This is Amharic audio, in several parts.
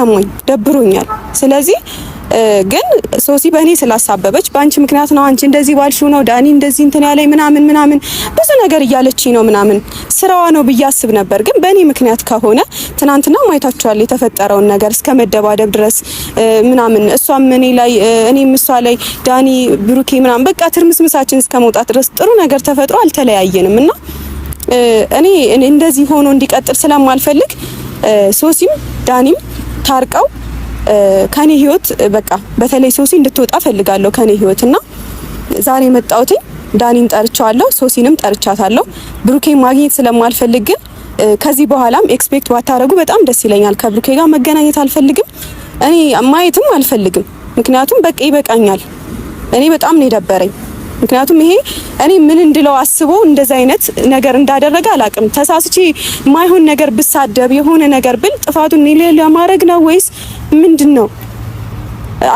ተሰማኝ፣ ደብሮኛል። ስለዚህ ግን ሶሲ በእኔ ስላሳበበች በአንቺ ምክንያት ነው፣ አንቺ እንደዚህ ባልሽው ነው ዳኒ እንደዚህ እንትን ያለኝ ምናምን ምናምን ብዙ ነገር እያለች ነው ምናምን ስራዋ ነው ብዬ አስብ ነበር። ግን በእኔ ምክንያት ከሆነ ትናንትና ማይታችኋል የተፈጠረውን ነገር እስከ መደባደብ ድረስ ምናምን እሷም እኔ ላይ እኔም እሷ ላይ ዳኒ ብሩኬ ምናምን በቃ ትርምስምሳችን እስከ መውጣት ድረስ ጥሩ ነገር ተፈጥሮ አልተለያየንም እና እኔ እንደዚህ ሆኖ እንዲቀጥል ስለማልፈልግ ሶሲም ዳኒም ታርቀው ከኔ ህይወት በቃ በተለይ ሶሲ እንድትወጣ ፈልጋለሁ ከኔ ህይወት እና ዛሬ የመጣሁት ዳኒን ጠርቻለሁ፣ ሶሲንም ጠርቻታለሁ። ብሩኬ ማግኘት ስለማልፈልግ ግን ከዚህ በኋላም ኤክስፔክት ባታረጉ በጣም ደስ ይለኛል። ከብሩኬ ጋር መገናኘት አልፈልግም፣ እኔ ማየትም አልፈልግም። ምክንያቱም በቃ ይበቃኛል። እኔ በጣም ነው የደበረኝ። ምክንያቱም ይሄ እኔ ምን እንድለው አስቦ እንደዚ አይነት ነገር እንዳደረገ አላቅም። ተሳስቼ ማይሆን ነገር ብሳደብ የሆነ ነገር ብል ጥፋቱን እኔ ለማድረግ ነው ወይስ ምንድን ነው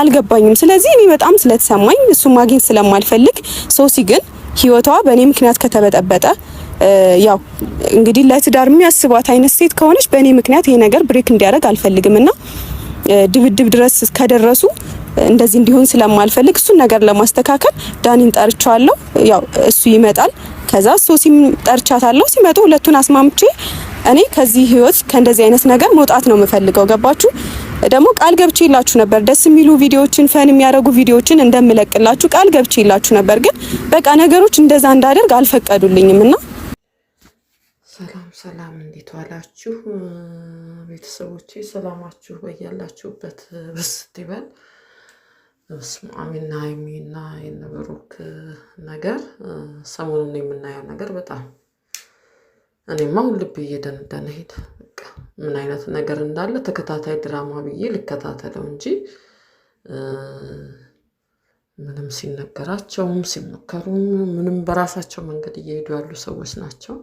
አልገባኝም። ስለዚህ እኔ በጣም ስለተሰማኝ እሱ ማግኘት ስለማልፈልግ፣ ሶሲ ግን ህይወቷ በእኔ ምክንያት ከተበጠበጠ ያው እንግዲህ ለትዳር የሚያስቧት አይነት ሴት ከሆነች በእኔ ምክንያት ይሄ ነገር ብሬክ እንዲያደርግ አልፈልግም እና ድብድብ ድረስ ከደረሱ እንደዚህ እንዲሆን ስለማልፈልግ እሱን ነገር ለማስተካከል ዳኒን ጠርቻለሁ። ያው እሱ ይመጣል። ከዛ ሶሲም ጠርቻታለሁ። ሲመጡ ሁለቱን አስማምቼ እኔ ከዚህ ህይወት ከእንደዚህ አይነት ነገር መውጣት ነው የምፈልገው። ገባችሁ? ደግሞ ቃል ገብቼ ነበር ደስ የሚሉ ቪዲዮዎችን ፈን የሚያደርጉ ቪዲዮዎችን እንደምለቅላችሁ ቃል ገብቼ ነበር። ግን በቃ ነገሮች እንደዛ እንዳደርግ አልፈቀዱልኝም እና ሰላም ሰላም፣ እንዴት ዋላችሁ ቤተሰቦቼ? ሰላማችሁ በያላችሁበት በስት ይበል። ስማሚና የሚና የነበሩክ ነገር ሰሞኑን የምናየው ነገር በጣም እኔማ አሁን ልብ እየደነደነ ሄደ። ምን አይነት ነገር እንዳለ ተከታታይ ድራማ ብዬ ልከታተለው እንጂ ምንም ሲነገራቸውም ሲመከሩም ምንም በራሳቸው መንገድ እየሄዱ ያሉ ሰዎች ናቸው።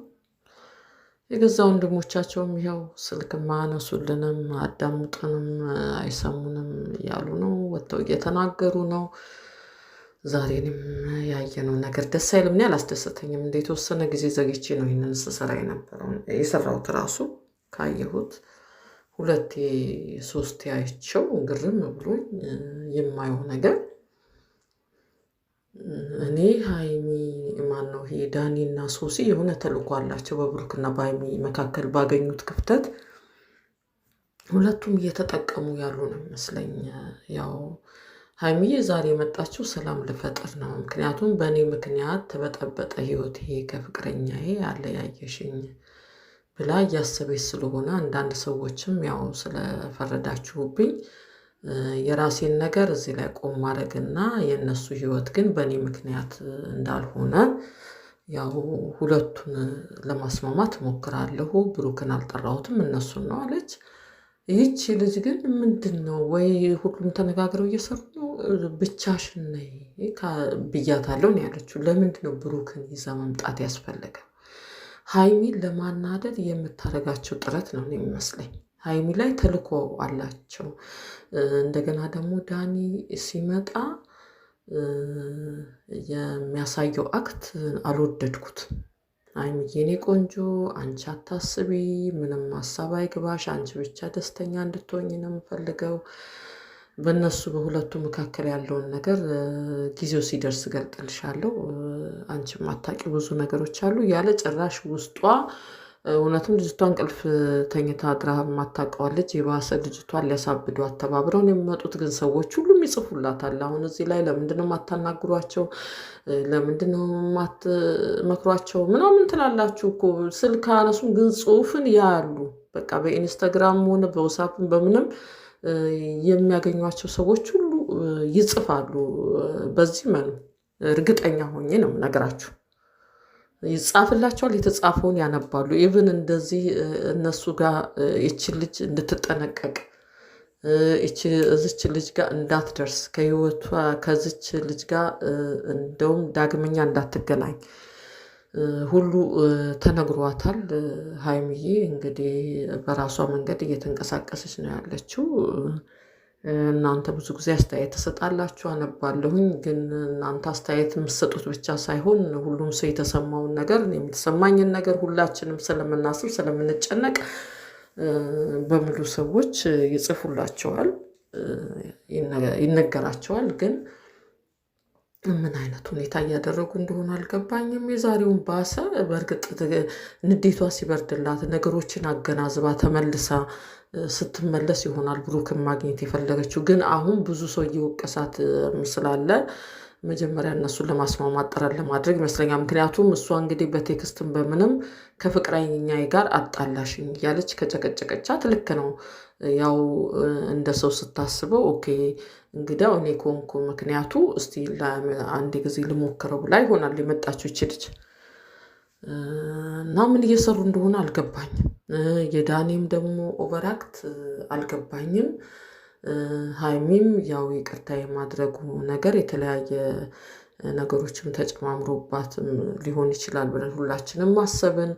የገዛ ወንድሞቻቸውም ይኸው ስልክም አያነሱልንም፣ አዳምጡንም፣ አይሰሙንም እያሉ ነው ወጥተው እየተናገሩ ነው። ዛሬንም ያየነው ነገር ደስ አይልም። እኔ አላስደሰተኝም። እንደ የተወሰነ ጊዜ ዘግቼ ነው ይህንን ስሰራ የነበረው የሰራሁት ራሱ ካየሁት ሁለቴ ሶስቴ አይቸው ግርም ብሎኝ የማየው ነገር እኔ ሀይሚ ማን ነው ይሄ ዳኒ እና ሶሲ የሆነ ተልእኮ አላቸው። በብሩክና በሀይሚ መካከል ባገኙት ክፍተት ሁለቱም እየተጠቀሙ ያሉ ነው ይመስለኝ። ያው ሀይሚ ዛሬ የመጣችው ሰላም ልፈጥር ነው። ምክንያቱም በእኔ ምክንያት ተበጠበጠ ህይወት ይሄ ከፍቅረኛዬ አለያየሽኝ ብላ እያሰበች ስለሆነ አንዳንድ ሰዎችም ያው ስለፈረዳችሁብኝ የራሴን ነገር እዚህ ላይ ቆም ማድረግና የእነሱ ህይወት ግን በእኔ ምክንያት እንዳልሆነ ያው ሁለቱን ለማስማማት ሞክራለሁ። ብሩክን አልጠራሁትም እነሱን ነው አለች። ይህቺ ልጅ ግን ምንድን ነው ወይ ሁሉም ተነጋግረው እየሰሩ ነው፣ ብቻሽን ነይ ብያታለሁ ነው ያለችው። ለምንድን ነው ብሩክን ይዛ መምጣት ያስፈለገ? ሀይሚን ለማናደድ የምታደርጋቸው ጥረት ነው ነው የሚመስለኝ። ሀይሚ ላይ ተልኮ አላቸው። እንደገና ደግሞ ዳኒ ሲመጣ የሚያሳየው አክት አልወደድኩት። ሀይሚ የኔ ቆንጆ አንቺ አታስቢ፣ ምንም ሀሳብ አይግባሽ፣ አንቺ ብቻ ደስተኛ እንድትሆኝ ነው የምፈልገው። በእነሱ በሁለቱ መካከል ያለውን ነገር ጊዜው ሲደርስ ገልጥልሻለሁ፣ አንቺም ማታቂ ብዙ ነገሮች አሉ ያለ ጭራሽ ውስጧ እውነቱም ልጅቷ እንቅልፍ ተኝታ አድራሃብ ማታቀዋለች። የባሰ ልጅቷን ሊያሳብዱ አተባብረው የሚመጡት። ግን ሰዎች ሁሉም ይጽፉላታል። አሁን እዚህ ላይ ለምንድነው የማታናግሯቸው? ለምንድነው ማትመክሯቸው? ምናምን ትላላችሁ እኮ ስልክ አነሱም፣ ግን ጽሁፍን ያሉ በቃ በኢንስታግራም ሆነ በውሳፕን በምንም የሚያገኟቸው ሰዎች ሁሉ ይጽፋሉ። በዚህ መኑ እርግጠኛ ሆኜ ነው ነገራችሁ። ይጻፍላቸዋል። የተጻፈውን ያነባሉ። ኢቭን እንደዚህ እነሱ ጋር ይቺ ልጅ እንድትጠነቀቅ እዚች ልጅ ጋር እንዳትደርስ ከህይወቷ ከዚች ልጅ ጋር እንደውም ዳግመኛ እንዳትገናኝ ሁሉ ተነግሯታል። ሀይሚዬ እንግዲህ በራሷ መንገድ እየተንቀሳቀሰች ነው ያለችው። እናንተ ብዙ ጊዜ አስተያየት ትሰጣላችሁ፣ አነባለሁኝ። ግን እናንተ አስተያየት የምትሰጡት ብቻ ሳይሆን ሁሉም ሰው የተሰማውን ነገር የተሰማኝን ነገር ሁላችንም ስለምናስብ ስለምንጨነቅ በሙሉ ሰዎች ይጽፉላቸዋል፣ ይነገራቸዋል። ግን ምን አይነት ሁኔታ እያደረጉ እንደሆነ አልገባኝም። የዛሬውን ባሰ። በእርግጥ ንዴቷ ሲበርድላት ነገሮችን አገናዝባ ተመልሳ ስትመለስ ይሆናል ብሩክን ማግኘት የፈለገችው። ግን አሁን ብዙ ሰው እየወቀሳት ስላለ መጀመሪያ እነሱን ለማስማማት ጥረት ለማድረግ ይመስለኛል። ምክንያቱም እሷ እንግዲህ በቴክስትም በምንም ከፍቅረኛ ጋር አጣላሽኝ እያለች ከጨቀጨቀቻት ልክ ነው። ያው እንደ ሰው ስታስበው ኦኬ እንግዲያው እኔ ከሆንኩ ምክንያቱ እስቲ አንድ ጊዜ ልሞክረው ላይ ይሆናል የመጣችው ይች እና ምን እየሰሩ እንደሆነ አልገባኝም። የዳኔም ደግሞ ኦቨራክት አልገባኝም። ሀይሚም ያው ይቅርታ የማድረጉ ነገር የተለያየ ነገሮችም ተጨማምሮባትም ሊሆን ይችላል ብለን ሁላችንም ማሰብን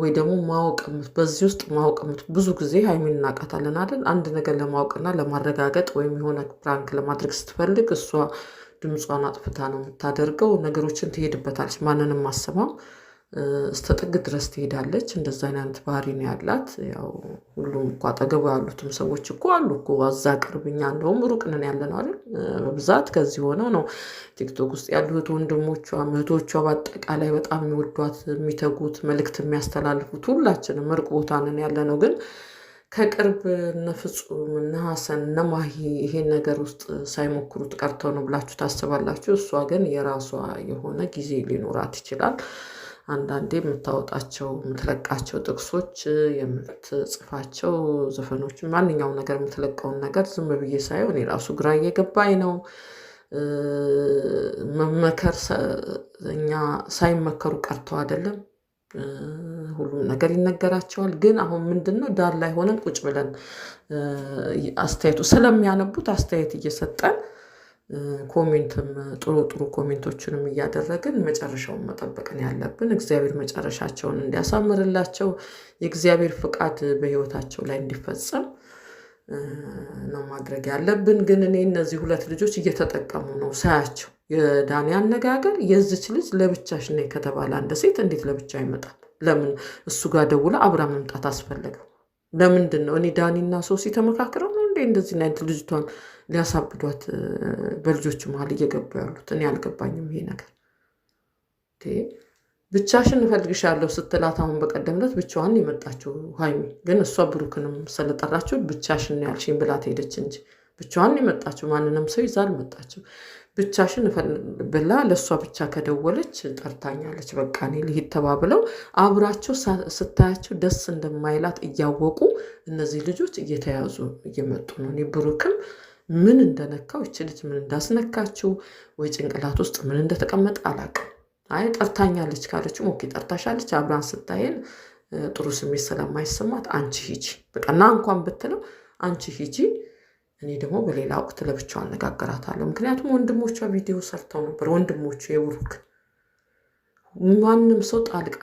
ወይ ደግሞ ማወቅምት በዚህ ውስጥ ማወቅምት ብዙ ጊዜ ሀይሚን እናቃታለን አይደል? አንድ ነገር ለማወቅና ለማረጋገጥ ወይም የሆነ ፕራንክ ለማድረግ ስትፈልግ እሷ ድምጿን አጥፍታ ነው የምታደርገው። ነገሮችን ትሄድበታለች፣ ማንንም አስባ እስከ ጥግ ድረስ ትሄዳለች። እንደዛ አይነት ባህሪ ነው ያላት። ያው ሁሉም እኮ አጠገቡ ያሉትም ሰዎች እኮ አሉ እኮ አዛ ቅርብኛ፣ እንደውም ሩቅንን ያለ ነው አይደል? በብዛት ከዚህ ሆነው ነው ቲክቶክ ውስጥ ያሉት ወንድሞቿ፣ እህቶቿ በአጠቃላይ በጣም የሚወዷት የሚተጉት፣ መልእክት የሚያስተላልፉት ሁላችንም ርቅ ቦታንን ያለ ነው ግን ከቅርብ እነ ፍጹም እነ ሀሰን እነ ማሂ ይሄን ነገር ውስጥ ሳይሞክሩት ቀርተው ነው ብላችሁ ታስባላችሁ? እሷ ግን የራሷ የሆነ ጊዜ ሊኖራት ይችላል። አንዳንዴ የምታወጣቸው የምትለቃቸው ጥቅሶች የምትጽፋቸው ዘፈኖች ማንኛውም ነገር የምትለቀውን ነገር ዝም ብዬ ሳይሆን የራሱ ግራ እየገባኝ ነው። መመከር እኛ ሳይመከሩ ቀርቶ አይደለም፣ ሁሉም ነገር ይነገራቸዋል። ግን አሁን ምንድን ነው ዳር ላይ ሆነን ቁጭ ብለን አስተያየቱ ስለሚያነቡት አስተያየት እየሰጠን ኮሜንትም ጥሩ ጥሩ ኮሜንቶችንም እያደረግን መጨረሻውን መጠበቅን ያለብን። እግዚአብሔር መጨረሻቸውን እንዲያሳምርላቸው የእግዚአብሔር ፍቃድ በህይወታቸው ላይ እንዲፈጸም ነው ማድረግ ያለብን። ግን እኔ እነዚህ ሁለት ልጆች እየተጠቀሙ ነው ሳያቸው። የዳኒ አነጋገር የዚች ልጅ ለብቻሽ ነይ ከተባለ አንድ ሴት እንዴት ለብቻ ይመጣል? ለምን እሱ ጋር ደውላ አብራ መምጣት አስፈለገው? ለምንድን ነው እኔ ዳኒና ሶሲ ተመካክረው ነው እንዴ እንደዚህ አይነት ልጅቷን ሊያሳብዷት በልጆች መሀል እየገቡ ያሉት? እኔ አልገባኝም ይሄ ነገር። ብቻሽን እፈልግሻለሁ ስትላት አሁን በቀደም ዕለት ብቻዋን የመጣችው ሀይሚ ግን እሷ ብሩክንም ስለጠራችው ብቻሽን ያልሽኝ ብላት ሄደች እንጂ ብቻዋን የመጣችው ማንንም ሰው ይዛ አልመጣችው። ብቻሽን ብላ ለእሷ ብቻ ከደወለች ጠርታኛለች፣ በቃ እኔ ልሂድ ተባብለው አብራቸው ስታያቸው ደስ እንደማይላት እያወቁ እነዚህ ልጆች እየተያዙ እየመጡ ነው። እኔ ብሩክም ምን እንደነካው ይች ልጅ ምን እንዳስነካችው ወይ ጭንቅላት ውስጥ ምን እንደተቀመጠ አላውቅም። አይ ጠርታኛለች ካለችም ኦኬ ጠርታሻለች፣ አብራን ስታይን ጥሩ ስሜት ስለማይሰማት አንቺ ሂጂ በቃ እና እንኳን ብትለው አንቺ ሂጂ እኔ ደግሞ በሌላ ወቅት ለብቻው አነጋግራታለሁ። ምክንያቱም ወንድሞቿ ቪዲዮ ሰርተው ነበር። ወንድሞቹ የብሩክ ማንም ሰው ጣልቃ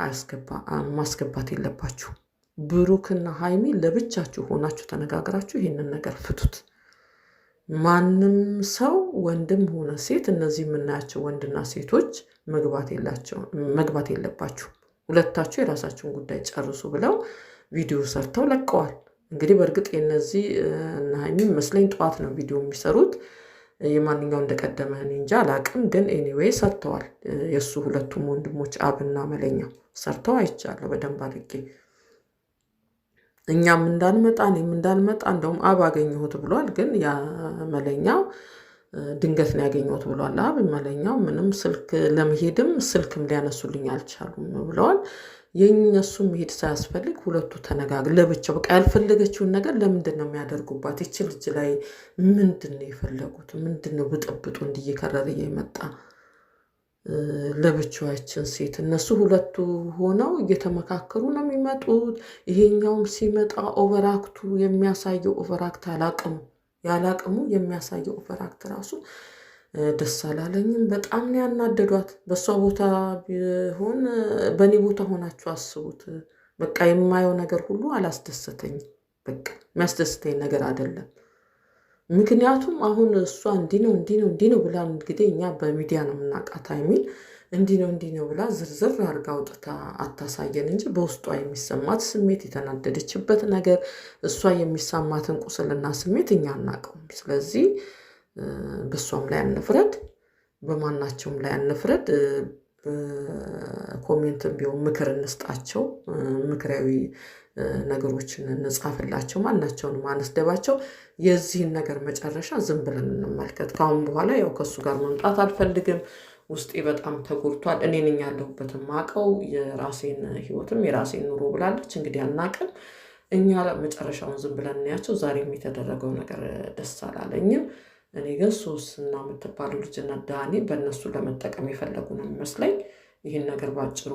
ማስገባት የለባችሁ። ብሩክና ሀይሚ ለብቻችሁ ሆናችሁ ተነጋግራችሁ ይህንን ነገር ፍቱት። ማንም ሰው ወንድም ሆነ ሴት፣ እነዚህ የምናያቸው ወንድና ሴቶች መግባት የለባችሁ፣ ሁለታችሁ የራሳችሁን ጉዳይ ጨርሱ ብለው ቪዲዮ ሰርተው ለቀዋል። እንግዲህ በእርግጥ የነዚህ እነ መስለኝ ጠዋት ነው ቪዲዮ የሚሰሩት። የማንኛው እንደቀደመ እኔ እንጃ አላቅም፣ ግን ኤኒዌይ ሰርተዋል። የእሱ ሁለቱም ወንድሞች አብና መለኛ ሰርተው አይቻለሁ በደንብ አድርጌ። እኛም እንዳንመጣ እኔም እንዳንመጣ እንደውም አብ አገኘሁት ብሏል። ግን ያ መለኛው ድንገት ነው ያገኘሁት ብሏል። አብ መለኛው ምንም ስልክ ለመሄድም ስልክም ሊያነሱልኝ አልቻሉም ብለዋል። የእነሱም መሄድ ሳያስፈልግ ሁለቱ ተነጋግ ለብቻ በቃ ያልፈለገችውን ነገር ለምንድን ነው የሚያደርጉባት? ይች ልጅ ላይ ምንድን ነው የፈለጉት? ምንድን ነው ብጥብጡ እንዲየከረረ የመጣ ለብቻችን ሴት እነሱ ሁለቱ ሆነው እየተመካከሩ ነው የሚመጡት። ይሄኛውም ሲመጣ ኦቨራክቱ የሚያሳየው ኦቨራክት አላቅሙ ያላቅሙ የሚያሳየው ኦቨራክት ራሱ ደስ አላለኝም። በጣም ነው ያናደዷት። በእሷ ቦታ ቢሆን በእኔ ቦታ ሆናችሁ አስቡት። በቃ የማየው ነገር ሁሉ አላስደሰተኝ በቃ የሚያስደስተኝ ነገር አይደለም። ምክንያቱም አሁን እሷ እንዲህ ነው እንዲህ ነው እንዲህ ነው ብላ እንግዲህ እኛ በሚዲያ ነው የምናውቃት የሚል እንዲህ ነው እንዲህ ነው ብላ ዝርዝር አድርጋ አውጥታ አታሳየን እንጂ በውስጧ የሚሰማት ስሜት፣ የተናደደችበት ነገር፣ እሷ የሚሰማትን ቁስልና ስሜት እኛ አናውቀውም። ስለዚህ በእሷም ላይ አንፍረድ፣ በማናቸውም ላይ አንፍረድ። ኮሜንትም ቢሆን ምክር እንስጣቸው፣ ምክራዊ ነገሮችን እንጻፍላቸው፣ ማናቸውን ማነስደባቸው። የዚህን ነገር መጨረሻ ዝም ብለን እንመልከት። ከአሁን በኋላ ያው ከእሱ ጋር መምጣት አልፈልግም። ውስጤ በጣም ተጎድቷል። እኔ ነኝ ያለሁበትን ማቀው የራሴን ህይወትም የራሴን ኑሮ ብላለች። እንግዲህ አናቅም እኛ መጨረሻውን ዝም ብለን እናያቸው። ዛሬም የተደረገው ነገር ደስ አላለኝም። እኔ ግን ሶስና የምትባለው ልጅና ዳኒ በእነሱ ለመጠቀም የፈለጉ ነው የሚመስለኝ። ይህን ነገር በአጭሩ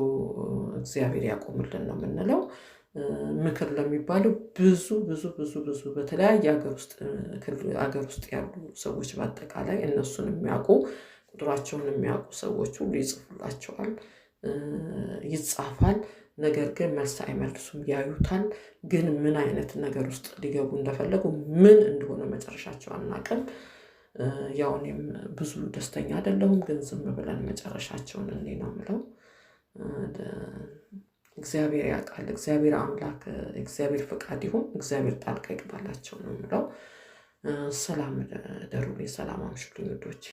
እግዚአብሔር ያቆምልን ነው የምንለው። ምክር ለሚባለው ብዙ ብዙ ብዙ ብዙ በተለያየ ሀገር ውስጥ ያሉ ሰዎች በአጠቃላይ እነሱን የሚያውቁ ቁጥራቸውን የሚያውቁ ሰዎች ሁሉ ይጽፉላቸዋል፣ ይጻፋል። ነገር ግን መልስ አይመልሱም፣ ያዩታል። ግን ምን አይነት ነገር ውስጥ ሊገቡ እንደፈለጉ ምን እንደሆነ መጨረሻቸው አናውቅም። ያው እኔም ብዙ ደስተኛ አይደለሁም፣ ግን ዝም ብለን መጨረሻቸውን እኔ ነው የምለው። እግዚአብሔር ያውቃል። እግዚአብሔር አምላክ እግዚአብሔር ፍቃድ ይሁን፣ እግዚአብሔር ጣልቃ ይግባላቸው ነው የምለው። ሰላም ደሩ፣ ሰላም አምሽሉኝ ውዶች።